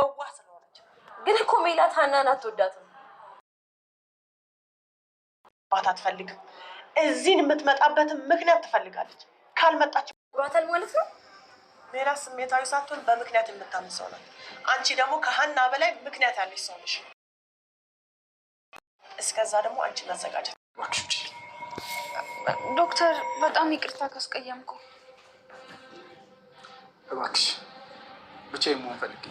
የዋህ ስለሆነች ግን እኮ ሜላት ሀናን አትወዳትም። ባት አትፈልግም። እዚህን የምትመጣበትን ምክንያት ትፈልጋለች። ካልመጣች ጉራታል ማለት ነው። ሜላት ስሜታዊ ሳትሆን በምክንያት የምታምን ሰው ናት። አንቺ ደግሞ ከሀና በላይ ምክንያት ያለች ሰው ነሽ። እስከዛ ደግሞ አንቺ እናዘጋጀት። ዶክተር በጣም ይቅርታ ካስቀየምኩ። እባክሽ ብቻዬን መሆን ፈልጌ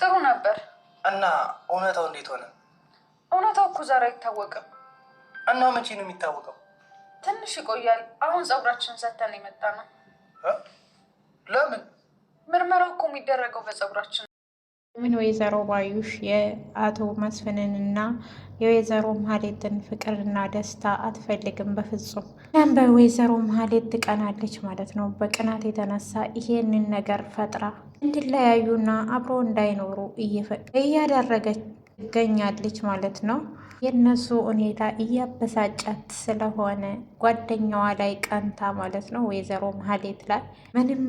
ጥሩ ነበር እና እውነታው እንዴት ሆነ? እውነታው እኮ ዛሬ አይታወቅም። እና መቼ ነው የሚታወቀው? ትንሽ ይቆያል። አሁን ጸጉራችንን ሰተን የመጣ ነው። ለምን? ምርመራው እኮ የሚደረገው በጸጉራችን ምን ወይዘሮ ባዩሽ የአቶ መስፍንን እና የወይዘሮ መሀሌትን ፍቅርና ደስታ አትፈልግም በፍጹም። እናም በወይዘሮ መሀሌት ትቀናለች ማለት ነው። በቅናት የተነሳ ይሄንን ነገር ፈጥራ እንዲለያዩና አብሮ እንዳይኖሩ እያደረገች ትገኛለች ማለት ነው። የእነሱ ሁኔታ እያበሳጫት ስለሆነ ጓደኛዋ ላይ ቀንታ ማለት ነው። ወይዘሮ መሀሌት ላይ ምንም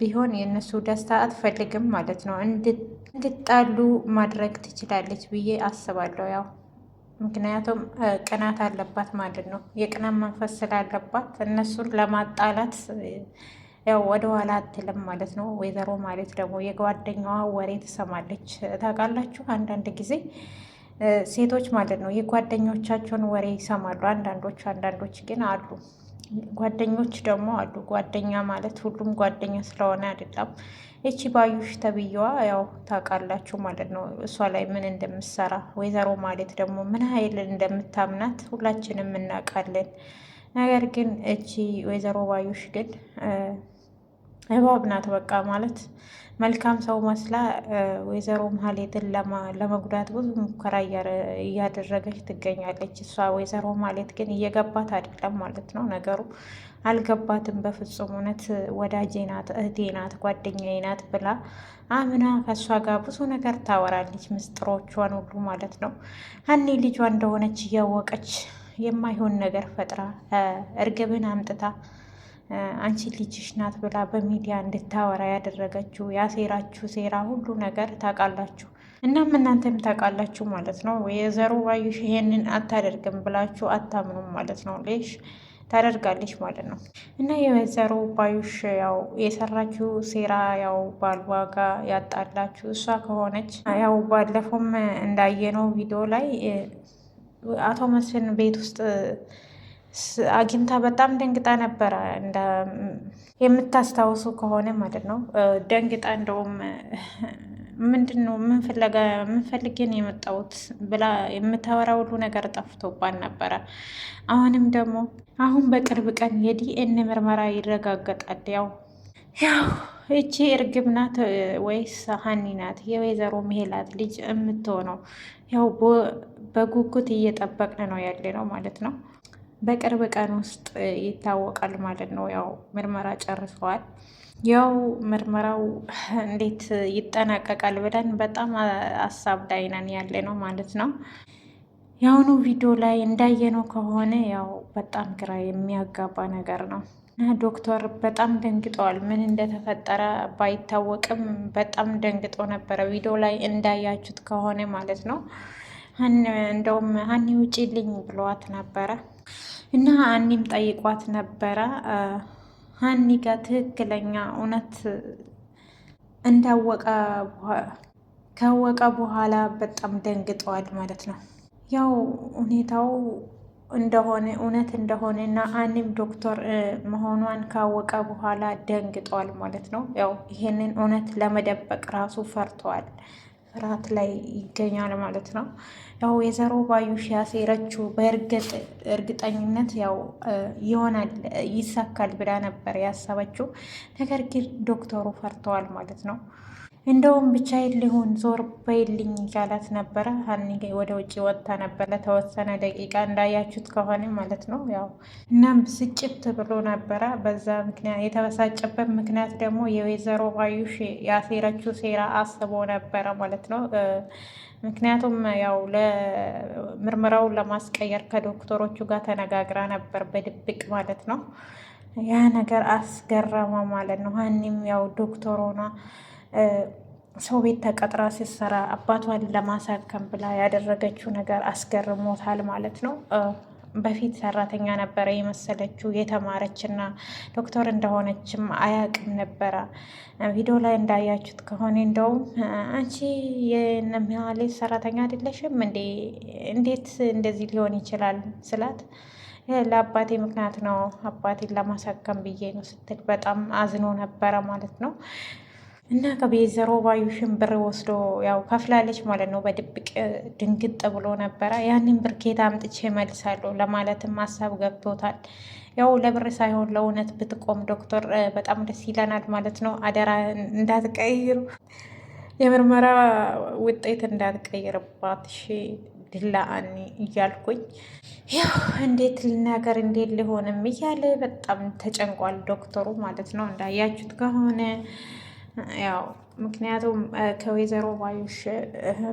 ቢሆን የእነሱ ደስታ አትፈልግም ማለት ነው። እንድጣሉ ማድረግ ትችላለች ብዬ አስባለሁ። ያው ምክንያቱም ቅናት አለባት ማለት ነው። የቅናት መንፈስ ስላለባት እነሱን ለማጣላት ያው ወደ ኋላ አትልም ማለት ነው። ወይዘሮ ማለት ደግሞ የጓደኛዋ ወሬ ትሰማለች። ታውቃላችሁ አንዳንድ ጊዜ ሴቶች ማለት ነው የጓደኞቻቸውን ወሬ ይሰማሉ። አንዳንዶች አንዳንዶች ግን አሉ ጓደኞች ደግሞ አሉ። ጓደኛ ማለት ሁሉም ጓደኛ ስለሆነ አይደለም። እቺ ባዩሽ ተብዬዋ ያው ታውቃላችሁ ማለት ነው እሷ ላይ ምን እንደምትሰራ ወይዘሮ ማለት ደግሞ ምን ኃይል እንደምታምናት ሁላችንም እናውቃለን። ነገር ግን እቺ ወይዘሮ ባዩሽ ግን እባብ ናት። በቃ ማለት መልካም ሰው መስላ ወይዘሮ ማህሌትን ለመጉዳት ብዙ ሙከራ እያደረገች ትገኛለች። እሷ ወይዘሮ ማህሌት ግን እየገባት አይደለም ማለት ነው ነገሩ አልገባትም በፍጹም። እውነት ወዳጄ ናት፣ እህቴ ናት፣ ጓደኛዬ ናት ብላ አምና ከእሷ ጋር ብዙ ነገር ታወራለች፣ ምስጢሮቿን ሁሉ ማለት ነው። ሀኒ ልጇ እንደሆነች እያወቀች የማይሆን ነገር ፈጥራ እርግብን አምጥታ አንቺ ልጅሽ ናት ብላ በሚዲያ እንድታወራ ያደረገችው ያሴራችሁ ሴራ ሁሉ ነገር ታውቃላችሁ። እናም እናንተም ታውቃላችሁ ማለት ነው። የዘሩ ባዩሽ ይሄንን አታደርግም ብላችሁ አታምኑም ማለት ነው። ሌሽ ታደርጋለች ማለት ነው። እና የወይዘሮ ባዩሽ ያው የሰራችው ሴራ ያው ባልዋጋ ያጣላችሁ እሷ ከሆነች ያው ባለፈውም እንዳየነው ቪዲዮ ላይ አቶ መስፍን ቤት ውስጥ አግኝታ በጣም ደንግጣ ነበረ። የምታስታውሱ ከሆነ ማለት ነው። ደንግጣ እንደውም ምንድን ነው ምንፈልግን የመጣሁት ብላ የምታወራ ሁሉ ነገር ጠፍቶባት ነበረ። አሁንም ደግሞ አሁን በቅርብ ቀን የዲኤን ምርመራ ይረጋገጣል። ያው ያው እቺ እርግብ ናት ወይስ ሀኒ ናት የወይዘሮ ሜላት ልጅ የምትሆነው ያው በጉጉት እየጠበቅን ነው ያለ ነው ማለት ነው። በቅርብ ቀን ውስጥ ይታወቃል ማለት ነው። ያው ምርመራ ጨርሰዋል። ያው ምርመራው እንዴት ይጠናቀቃል ብለን በጣም አሳብ ላይ ነን ያለ ነው ማለት ነው። የአሁኑ ቪዲዮ ላይ እንዳየነው ከሆነ ያው በጣም ግራ የሚያጋባ ነገር ነው። ዶክተር በጣም ደንግጠዋል። ምን እንደተፈጠረ ባይታወቅም በጣም ደንግጦ ነበረ። ቪዲዮ ላይ እንዳያችሁት ከሆነ ማለት ነው እንደውም ሀኒ ልኝ ብለዋት ነበረ እና ሀኒም ጠይቋት ነበረ። ሀኒ ጋር ትክክለኛ እውነት እንዳወቀ ካወቀ በኋላ በጣም ደንግጠዋል ማለት ነው። ያው ሁኔታው እንደሆነ እውነት እንደሆነ እና ሀኒም ዶክተር መሆኗን ካወቀ በኋላ ደንግጠዋል ማለት ነው። ያው ይሄንን እውነት ለመደበቅ ራሱ ፈርተዋል፣ ፍርሃት ላይ ይገኛል ማለት ነው። ያው ወይዘሮ ባዩሽ ያሴረችው በእርግጠኝነት ያው ይሆናል ይሳካል ብላ ነበር ያሰበችው። ነገር ግን ዶክተሩ ፈርተዋል ማለት ነው። እንደውም ብቻዬን ልሁን ዞር በይልኝ እያላት ነበረ። ሀኒ ወደ ውጭ ወጥታ ነበረ ለተወሰነ ደቂቃ እንዳያችሁት ከሆነ ማለት ነው። ያው እናም ብስጭት ብሎ ነበረ። በዛ ምክንያት የተበሳጨበት ምክንያት ደግሞ የወይዘሮ ባዩሽ ያሴረችው ሴራ አስቦ ነበረ ማለት ነው። ምክንያቱም ያው ለምርመራውን ለማስቀየር ከዶክተሮቹ ጋር ተነጋግራ ነበር በድብቅ ማለት ነው። ያ ነገር አስገረማ ማለት ነው። ሀኒም ያው ዶክተር ሆና ሰው ቤት ተቀጥራ ስትሰራ አባቷን ለማሳከም ብላ ያደረገችው ነገር አስገርሞታል ማለት ነው። በፊት ሰራተኛ ነበረ የመሰለችው የተማረች ዶክተር እንደሆነችም አያቅም ነበረ። ቪዲዮ ላይ እንዳያችሁት ከሆነ እንደውም አንቺ የነሚዋሌ ሰራተኛ አይደለሽም እንዴ? እንዴት እንደዚህ ሊሆን ይችላል ስላት ለአባቴ ምክንያት ነው አባቴን ለማሳከም ብዬ ነው ስትል በጣም አዝኖ ነበረ ማለት ነው። እና ከቤዘሮ ባዩሽን ብር ወስዶ ያው ከፍላለች ማለት ነው። በድብቅ ድንግጥ ብሎ ነበረ። ያንን ብር ከየት አምጥቼ መልሳለሁ ለማለትም ሀሳብ ገብቶታል። ያው ለብር ሳይሆን ለእውነት ብትቆም ዶክተር በጣም ደስ ይለናል ማለት ነው። አደራ እንዳትቀይሩ፣ የምርመራ ውጤት እንዳትቀይርባት እሺ ድላ አኒ እያልኩኝ ያው እንዴት ልናገር እንዴት ሊሆንም እያለ በጣም ተጨንቋል ዶክተሩ ማለት ነው። እንዳያችሁት ከሆነ ያው ምክንያቱም ከወይዘሮ ባዩሽ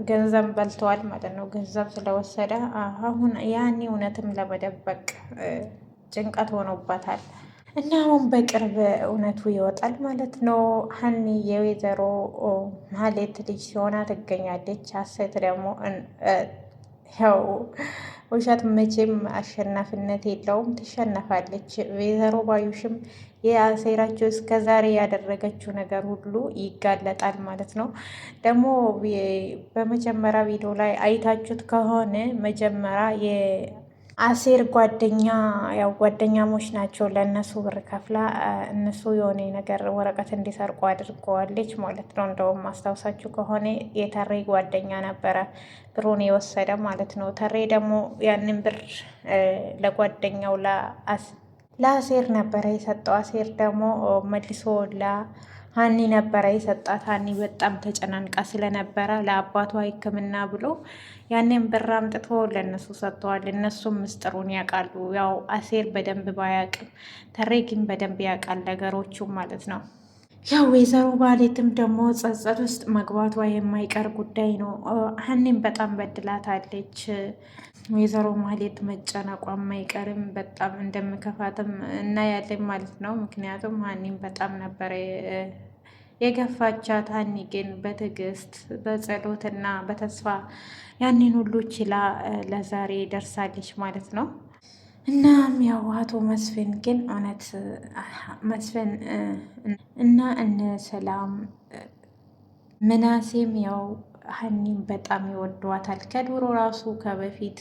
ገንዘብ በልተዋል ማለት ነው። ገንዘብ ስለወሰደ አሁን ያኔ እውነትም ለመደበቅ ጭንቀት ሆኖባታል እና አሁን በቅርብ እውነቱ ይወጣል ማለት ነው። ሀኒ የወይዘሮ ማሌት ልጅ ሲሆና ትገኛለች። ሀሴት ደግሞ ያው ውሸት መቼም አሸናፊነት የለውም፣ ትሸነፋለች። ወይዘሮ ባዩሽም የአሴራቸው እስከ ዛሬ ያደረገችው ነገር ሁሉ ይጋለጣል ማለት ነው። ደግሞ በመጀመሪያ ቪዲዮ ላይ አይታችሁት ከሆነ መጀመሪያ አሴር ጓደኛ ያው ጓደኛሞች ናቸው። ለእነሱ ብር ከፍላ እነሱ የሆነ ነገር ወረቀት እንዲሰርቁ አድርገዋለች ማለት ነው። እንደውም ማስታወሳችሁ ከሆነ የተሬ ጓደኛ ነበረ ብሩን የወሰደ ማለት ነው። ተሬ ደግሞ ያንን ብር ለጓደኛው ለአሴር ነበረ የሰጠው። አሴር ደግሞ መልሶ ላ ሀኒ ነበረ የሰጣት። ሀኒ በጣም ተጨናንቃ ስለነበረ ለአባቷ ሕክምና ብሎ ያንን ብር አምጥቶ ለእነሱ ሰጥተዋል። እነሱም ምስጢሩን ያውቃሉ። ያው አሴር በደንብ ባያውቅም ተሬ ግን በደንብ ያውቃል ነገሮቹ ማለት ነው። ያው ወይዘሮ ባሌትም ደግሞ ጸጸት ውስጥ መግባቷ የማይቀር ጉዳይ ነው። ሀኒም በጣም በድላታለች። ወይዘሮ ማሌት መጨነቋ የማይቀርም በጣም እንደምከፋትም እና ያለን ማለት ነው። ምክንያቱም ሀኒም በጣም ነበረ የገፋቻት ሀኒ ግን በትዕግስት በጸሎትና በተስፋ ያንን ሁሉ ችላ ለዛሬ ደርሳለች ማለት ነው። እናም ያው አቶ መስፍን ግን እውነት መስፍን እና እነ ሰላም ምናሴም ያው ሀኒም በጣም ይወዷታል። ከድሮ ራሱ ከበፊት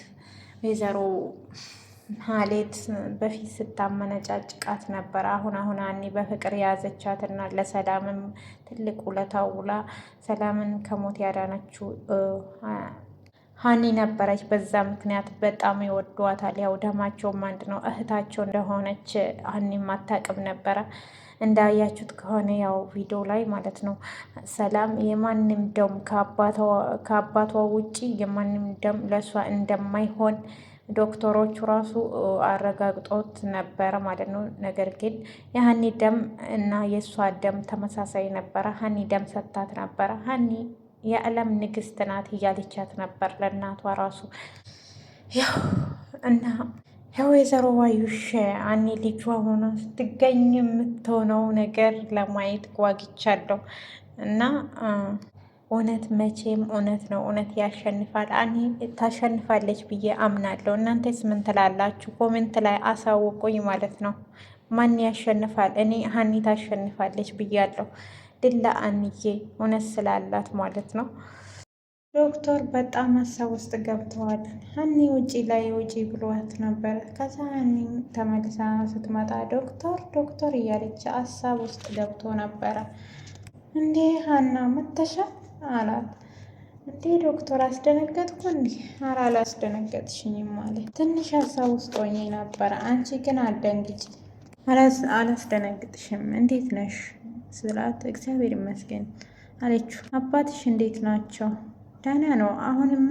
ወይዘሮ ማህሌት በፊት ስታመነጫጭቃት ነበር። አሁን አሁን አኒ በፍቅር የያዘቻትና ለሰላምም ትልቅ ውለታ ውላ ሰላምን ከሞት ያዳነችው ሀኒ ነበረች። በዛ ምክንያት በጣም ይወዷታል። ያው ደማቸውም አንድ ነው። እህታቸው እንደሆነች አኒም አታውቅም ነበረ። እንዳያችሁት ከሆነ ያው ቪዲዮ ላይ ማለት ነው ሰላም የማንም ደም ከአባቷ ውጪ የማንም ደም ለእሷ እንደማይሆን ዶክተሮቹ ራሱ አረጋግጦት ነበረ ማለት ነው። ነገር ግን የሀኒ ደም እና የእሷ ደም ተመሳሳይ ነበረ። ሀኒ ደም ሰጥታት ነበረ። ሀኒ የዓለም ንግስት ናት እያለቻት ነበር ለእናቷ ራሱ ያው እና ያው ወይዘሮ ባዩሽ አኔ ልጇ ሆና ስትገኝ የምትሆነው ነገር ለማየት ጓግቻለሁ እና እውነት መቼም እውነት ነው፣ እውነት ያሸንፋል። እኔ ታሸንፋለች ብዬ አምናለሁ። እናንተስ ምን ትላላችሁ? ኮሜንት ላይ አሳውቁኝ ማለት ነው። ማን ያሸንፋል? እኔ ሀኒ ታሸንፋለች ብያለሁ። ድላ አንዬ እውነት ስላላት ማለት ነው። ዶክተር በጣም ሀሳብ ውስጥ ገብተዋል። ሀኒ ውጪ ላይ ውጪ ብሏት ነበረ። ከዛ ሀኒ ተመልሳ ስትመጣ ዶክተር ዶክተር እያለች ሀሳብ ውስጥ ገብቶ ነበረ። እንዴ ሀና መተሻል አላት። እንዴ ዶክተር አስደነገጥኩ እንዴ? ኧረ አላስደነገጥሽኝም አለ። ትንሽ ሀሳብ ውስጥ ሆኜ ነበረ። አንቺ ግን አደንግጭ አላስደነግጥሽም። እንዴት ነሽ ስላት እግዚአብሔር ይመስገን አለችው። አባትሽ እንዴት ናቸው? ደህና ነው። አሁንማ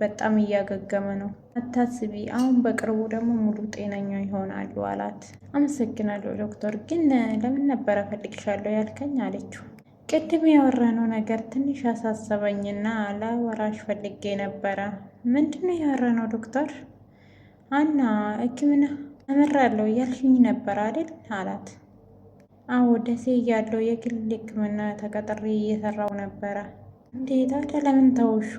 በጣም እያገገመ ነው። አታስቢ፣ አሁን በቅርቡ ደግሞ ሙሉ ጤነኛ ይሆናሉ አላት። አመሰግናለሁ ዶክተር። ግን ለምን ነበረ ፈልግሻለሁ ያልከኝ? አለችው ቅድም ያወራነው ነገር ትንሽ አሳሰበኝና ላወራሽ ፈልጌ ነበረ። ምንድነው ያወራነው ዶክተር? አና ሕክምና እመራለሁ እያልሽኝ ነበር አይደል? አላት። አዎ ደሴ እያለሁ የግል ሕክምና ተቀጥሬ እየሰራው ነበረ። እንዴት አደ ለምን ተውሹ?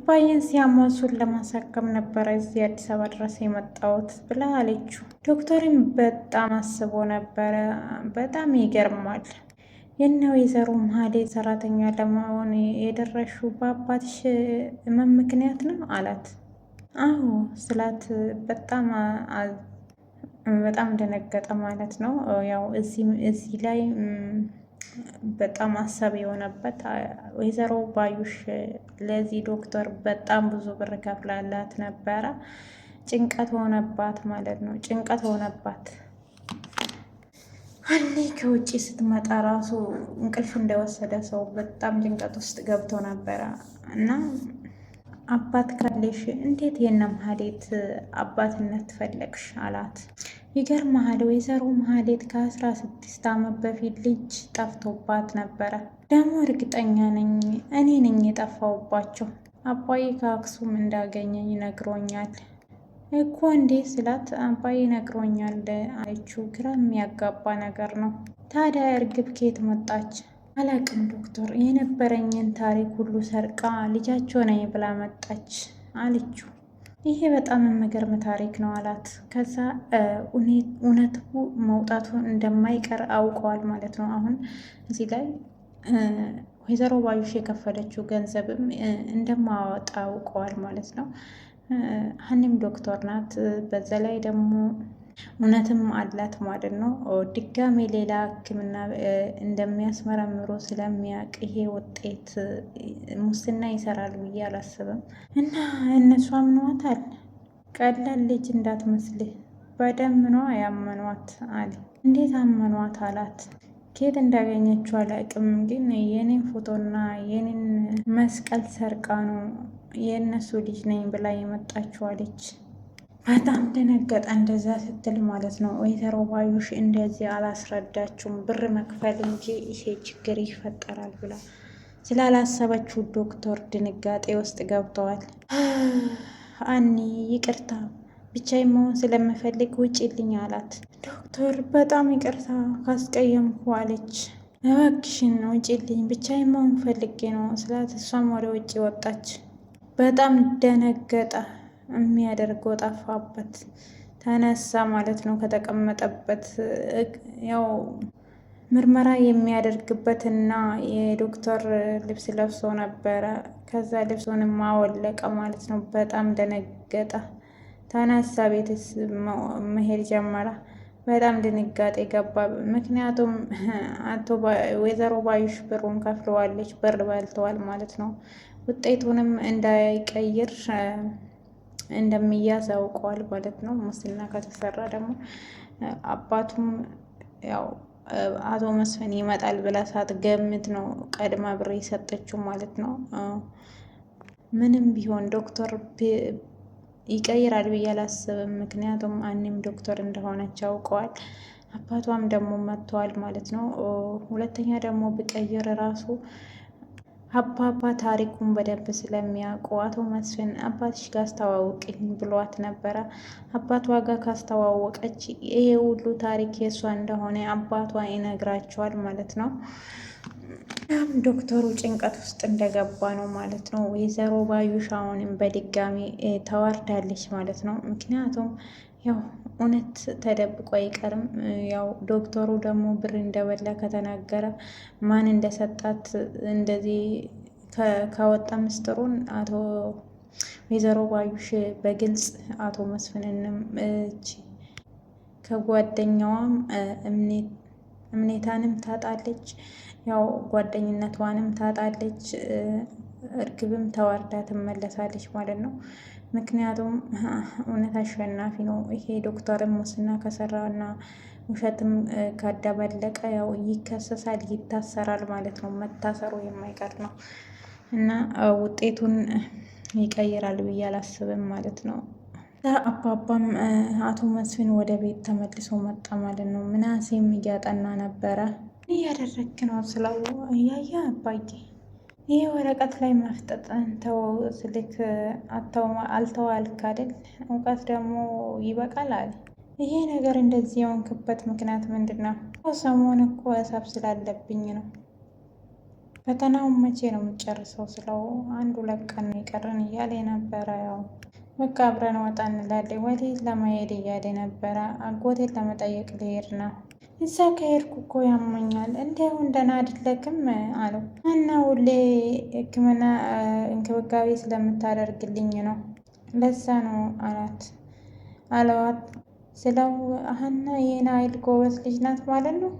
አባዬን ሲያሟሱን ለማሳከም ነበረ እዚህ አዲስ አበባ ድረስ የመጣሁት ብላ አለችው። ዶክተርም በጣም አስቦ ነበረ። በጣም ይገርማል። የነ ወይዘሮ መሀሌ ሰራተኛ ለመሆን የደረሹ በአባትሽ ህመም ምክንያት ነው አላት። አዎ ስላት በጣም በጣም ደነገጠ ማለት ነው። ያው እዚህ ላይ በጣም ሀሳብ የሆነበት ወይዘሮ ባዩሽ ለዚህ ዶክተር በጣም ብዙ ብር ከፍላላት ነበረ። ጭንቀት ሆነባት ማለት ነው። ጭንቀት ሆነባት። አሌ ከውጭ ስትመጣ ራሱ እንቅልፍ እንደወሰደ ሰው በጣም ጭንቀት ውስጥ ገብቶ ነበረ እና አባት ካለሽ እንዴት የነ መሀሌት አባትነት ፈለግሽ? አላት። ይገርምሃል ወይዘሮ መሀሌት ከአስራ ስድስት ዓመት በፊት ልጅ ጠፍቶባት ነበረ። ደግሞ እርግጠኛ ነኝ እኔ ነኝ የጠፋውባቸው። አባዬ ከአክሱም እንዳገኘ ይነግሮኛል እኮ እንዴ ስላት አባይ ነግሮኛል አለችው። ግራ የሚያጋባ ነገር ነው። ታዲያ እርግብ ከየት መጣች? አላቅም ዶክተር፣ የነበረኝን ታሪክ ሁሉ ሰርቃ ልጃቸው ነኝ ብላ መጣች አለችው። ይሄ በጣም የሚገርም ታሪክ ነው አላት። ከዛ እውነቱ መውጣቱ እንደማይቀር አውቀዋል ማለት ነው። አሁን እዚህ ላይ ወይዘሮ ባዩሽ የከፈለችው ገንዘብም እንደማወጣ አውቀዋል ማለት ነው። ሀኒም ዶክተር ናት። በዛ ላይ ደግሞ እውነትም አላት ማለት ነው። ድጋሜ ሌላ ሕክምና እንደሚያስመረምሮ ስለሚያውቅ ይሄ ውጤት ሙስና ይሰራል ብዬ አላስብም። እና እነሱ አምኗታል። ቀላል ልጅ እንዳትመስል በደም ነው ያመኗት አለ። እንዴት አመኗት አላት። ኬት እንዳገኘችው አላውቅም፣ ግን የኔን ፎቶና የኔን መስቀል ሰርቃ ነው የእነሱ ልጅ ነኝ ብላ የመጣችዋለች። በጣም ደነገጠ እንደዛ ስትል ማለት ነው። ወይዘሮ ባዩሽ እንደዚህ አላስረዳችሁም ብር መክፈል እንጂ ይሄ ችግር ይፈጠራል ብላ ስላላሰበችው ዶክተር ድንጋጤ ውስጥ ገብተዋል። አኒ ይቅርታ ብቻ መሆን ስለምፈልግ ልኝ አላት። ዶክተር በጣም ይቅርታ ካስቀየምኩ አለች። እባክሽን ውጭልኝ ብቻ መሆን ፈልጌ ነው ስላት እሷም ወደ ውጭ ወጣች። በጣም ደነገጠ። የሚያደርገው ጠፋበት። ተነሳ ማለት ነው ከተቀመጠበት። ያው ምርመራ የሚያደርግበት እና የዶክተር ልብስ ለብሶ ነበረ። ከዛ ልብሱን ማወለቀ ማለት ነው። በጣም ደነገጠ። ተነሳ፣ ቤት መሄድ ጀመረ። በጣም ድንጋጤ ገባ። ምክንያቱም ወይዘሮ ባዩሽ ብሩን ከፍለዋለች፣ ብር በልተዋል ማለት ነው። ውጤቱንም እንዳይቀይር እንደሚያዝ ያውቀዋል ማለት ነው። ሙስና ከተሰራ ደግሞ አባቱም ያው አቶ መስፍን ይመጣል ብላ ሳትገምት ነው ቀድማ ብር የሰጠችው ማለት ነው። ምንም ቢሆን ዶክተር ይቀይራል ብዬ አላስብም። ምክንያቱም አኔም ዶክተር እንደሆነች አውቀዋል። አባቷም ደግሞ መጥተዋል ማለት ነው። ሁለተኛ ደግሞ ብቀይር ራሱ አባባ ታሪኩን በደንብ ስለሚያውቁ አቶ መስፍን አባትሽ ጋር አስተዋውቅኝ ብሏት ነበረ። አባቷ ጋር ካስተዋወቀች ይሄ ሁሉ ታሪክ የእሷ እንደሆነ አባቷ ይነግራቸዋል ማለት ነው። እናም ዶክተሩ ጭንቀት ውስጥ እንደገባ ነው ማለት ነው። ወይዘሮ ባዩሽ አሁንም በድጋሚ ተዋርዳለች ማለት ነው። ምክንያቱም ያው እውነት ተደብቆ አይቀርም። ያው ዶክተሩ ደግሞ ብር እንደበላ ከተናገረ ማን እንደሰጣት እንደዚህ ከወጣ ምስጢሩን አቶ ወይዘሮ ባዩሽ በግልጽ አቶ መስፍንንም ከጓደኛዋም እምኔት እምኔታንም ታጣለች፣ ያው ጓደኝነቷንም ታጣለች። እርግብም ተዋርዳ ትመለሳለች ማለት ነው። ምክንያቱም እውነት አሸናፊ ነው። ይሄ ዶክተርም ሙስና ከሰራና ውሸትም ካደበለቀ ያው ይከሰሳል፣ ይታሰራል ማለት ነው። መታሰሩ የማይቀር ነው እና ውጤቱን ይቀይራል ብዬ አላስብም ማለት ነው። አባባም አቶ መስፍን ወደ ቤት ተመልሶ መጣ ማለት ነው። ምናሴም እያጠና ነበረ። እያደረግክ ነው ስለው እያየ አባዬ ይህ ወረቀት ላይ መፍጠጥ ተው ስልክ አልተው አልክ አይደል? እውቀት ደግሞ ይበቃል አለ። ይሄ ነገር እንደዚህ የሆንክበት ምክንያት ምንድን ነው? ሰሞን እኮ ሰብ ስላለብኝ ነው። ፈተናውን መቼ ነው የምጨርሰው ስለው አንዱ ለቀን ይቀርን እያለ ነበረ ያው በቃ አብረን ወጣ እንላለን። ወዴት ለመሄድ እያለ ነበረ። አጎቴን ለመጠየቅ ልሄድ ነው። እዛ ከሄድኩ እኮ ያመኛል። እንዲያሁን ደህና አይደለክም አለው እና ሁሌ ሕክምና እንክብካቤ ስለምታደርግልኝ ነው ለዛ ነው አላት አለዋት ስለው አሀና ይህን አይል ጎበዝ ልጅ ናት ማለት ነው።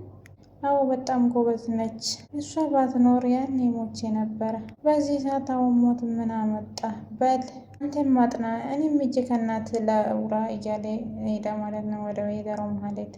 አዎ በጣም ጎበዝ ነች። እሷ ባትኖር ያን ሞቼ ነበረ። በዚህ ሰዓት አሁን ሞት ምን አመጣ? በል አንተን ማጥና እኔም እጅ ከእናት ላውራ እያለ ሄዳ ማለት ነው ወደ ወይዘሮ መሀሌት